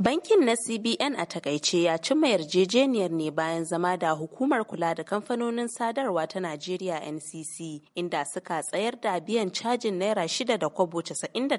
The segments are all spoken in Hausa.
Bankin na CBN a takaice ya cimma yarjejeniyar ne bayan zama da hukumar kula da kamfanonin sadarwa ta Najeriya NCC inda suka tsayar da biyan cajin naira shida da kwabo casa'in ga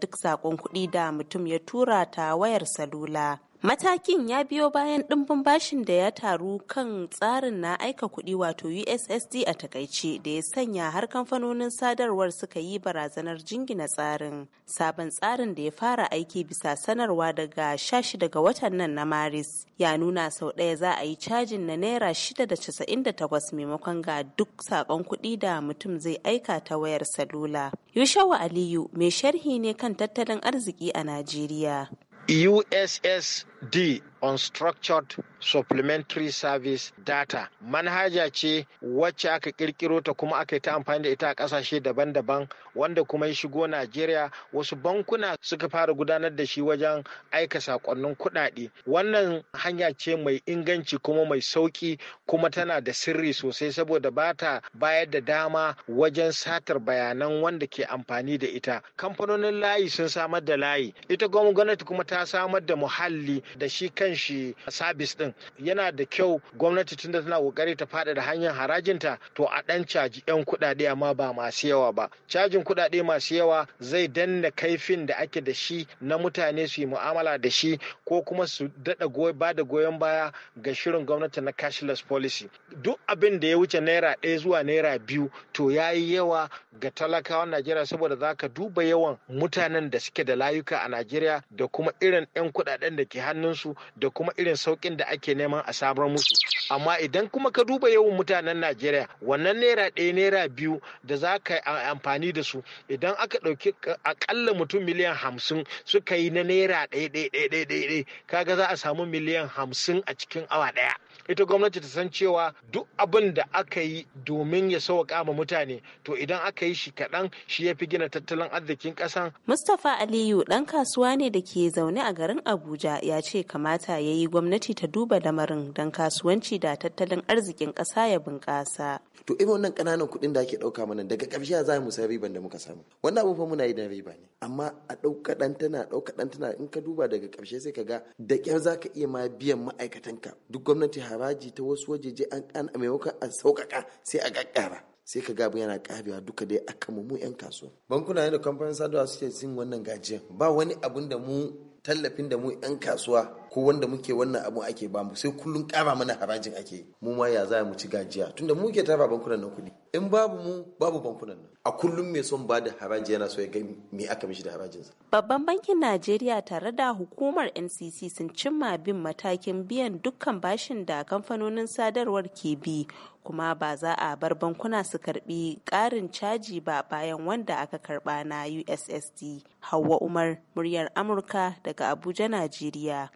duk sakon kuɗi da mutum ya tura ta wayar salula. Matakin ya biyo bayan ɗimbin bashin da ya taru kan tsarin na aika kuɗi wato USSD a takaice da ya sanya har kamfanonin sadarwar suka yi barazanar jingina tsarin. Sabon tsarin da ya fara aiki bisa sanarwa daga 16 ga watan nan na Maris ya nuna sau ɗaya za a yi cajin na Naira 6.98 maimakon ga duk saƙon kuɗi da mutum zai aika ta wayar salula. Yushawa Aliyu mai sharhi ne kan tattalin arziki a Najeriya. USS D. Unstructured Supplementary Service Data manhaja ce wacce aka kirkiro ta kuma aka yi ta amfani da ita a kasashe daban-daban wanda kuma ya shigo Najeriya wasu bankuna suka fara gudanar da shi wajen aika sakonnin kudade Wannan hanya ce mai inganci kuma mai sauki kuma tana da sirri sosai saboda ba ta bayar da dama wajen satar bayanan wanda ke amfani da ita. Kamfanonin layi sun samar da layi. Ita gwamnati kuma ta samar da muhalli da shi kan kanshi sabis din yana da kyau gwamnati tunda tana kokari ta fada da hanyar harajinta to a dan caji yan kuɗaɗe amma ba masu yawa ba cajin kuɗaɗe masu yawa zai danna kaifin da ake da shi na mutane su yi mu'amala da shi ko kuma su daɗa ba da goyon baya ga shirin gwamnati na cashless policy duk abin da ya wuce naira ɗaya zuwa naira biyu to ya yi yawa ga talakawan najeriya saboda za ka duba yawan mutanen da suke da layuka a najeriya da kuma irin 'yan kuɗaɗen da ke hannunsu da kuma irin saukin da ake neman a samar musu amma idan kuma ka duba yawan mutanen najeriya wannan naira ɗaya naira biyu da za ka amfani da su idan aka ɗauki akalla mutum miliyan hamsin suka yi na naira ɗaya ɗaya ɗaya kaga za a samu miliyan hamsin a cikin awa ɗaya ita gwamnati ta san cewa duk abin da aka yi domin ya sauƙa ma mutane to idan aka yi shi kaɗan shi ya fi gina tattalin arzikin ƙasan. mustapha aliyu ɗan kasuwa ne da ke zaune a garin abuja ya ce kamata ya yi gwamnati ta duba lamarin don kasuwanci kasuwanci da tattalin arzikin ƙasa ya bunƙasa. To irin wannan ƙananan kuɗin da ake ɗauka mana daga ƙarshe za mu san riban da muka samu. Wannan abubuwan muna yi da riba ne amma a ɗauka ɗan tana ɗauka ɗan tana in ka duba daga ƙarshe sai ka ga da ƙyar za ka iya ma biyan ma'aikatan ka. duk gwamnati haraji ta wasu wajeje an a maimakon a sauƙaƙa sai a ƙaƙƙara. sai ka gabu yana karewa duka dai aka mu 'yan kasuwa bankuna da kamfanin sadarwa suke cin wannan gajiyan. ba wani abun da mu tallafin da mu 'yan kasuwa ko wanda muke wannan abun ake bamu sai kullun ƙara mana harajin ake mu ma ya za mu ci gajiya tunda mu tara bankunan nan kuɗi in babu mu babu bankunan nan a kullum mai son ba haraji yana so ya ga me aka mishi da harajinsa. Babban bankin Najeriya tare da hukumar NCC sun cimma bin matakin biyan dukkan bashin da kamfanonin sadarwar ke bi kuma ba za a bar bankuna su karbi karin caji ba bayan wanda aka karba na USSD. Hauwa Umar, muryar Amurka daga Abuja, Najeriya.